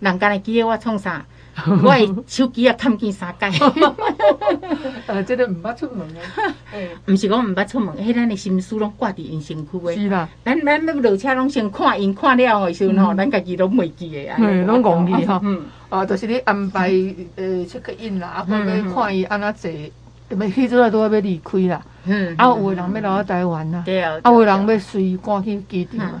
人家會記得我創啥，我誒手機也看見三界。即、 啊這個唔捌出門誒。唔、啊啊欸、是講唔捌出門，迄咱誒心思攏掛佇伊身軀誒。是啦，咱咱要落車攏先看伊看了誒時候，家、嗯嗯、己攏未記誒。攏忘記。哦、嗯嗯啊，就是你安排、嗯呃、出去引啦，啊，或者看伊安怎坐、嗯，因為迄陣都要要離開啦、嗯。啊，有誒人要留喺台灣啦、啊。啊。有誒人要隨趕去機場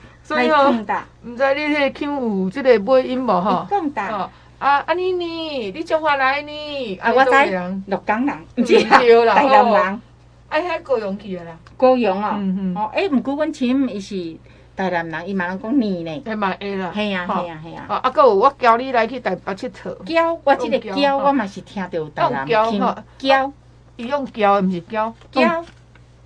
對哦，唔知你迄腔有即個尾音無吼、哦？啊安妮妮，你從何來呢？啊，我從洛陽人，洛、啊、陽人，大南人。哎、哦，喺高雄住啦？高雄啊、嗯嗯，哦，誒，毋過阮親伊是台南人，伊嘛講你呢，他嘛會啦。係啊係啊係啊。哦，啊，閣有我叫你來去台北佚佗。教我即個教，我嘛是聽到有台南腔。教，伊用教，毋是教。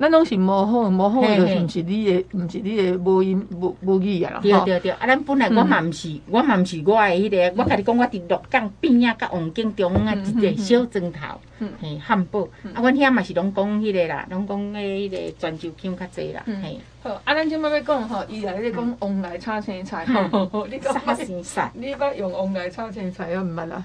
咱攏是無好，無好就是唔是你的，唔是你的、嗯、無音無無語啊！對對對，哦、啊，咱本來我嘛唔是，嗯、我嘛唔是我的迄、那個，我甲你講，我佇鹿港邊啊，甲王京中央啊，一個小磚頭，嘿、嗯，漢堡、嗯，啊，阮遐嘛是攏講迄個啦，攏講誒迄個泉州腔較濟啦，嗯，好，啊，咱即馬要講吼，伊啊咧講紅泥炒青菜，好、嗯，你講不新鮮，你，說、嗯你說用啊、不用紅泥炒青菜，阮毋捌啦。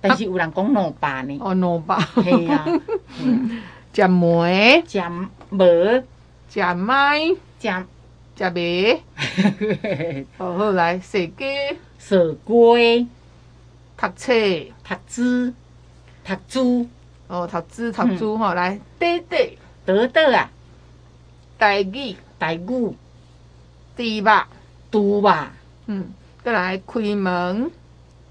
但是有人講兩百呢？哦兩百，係啊，食糜食糜食糜食食糜，哦，好來，寫字，寫字，讀冊讀字讀字哦讀字讀字吼，來，得得得得啊！大字大字，字吧，字吧。嗯，再來開門。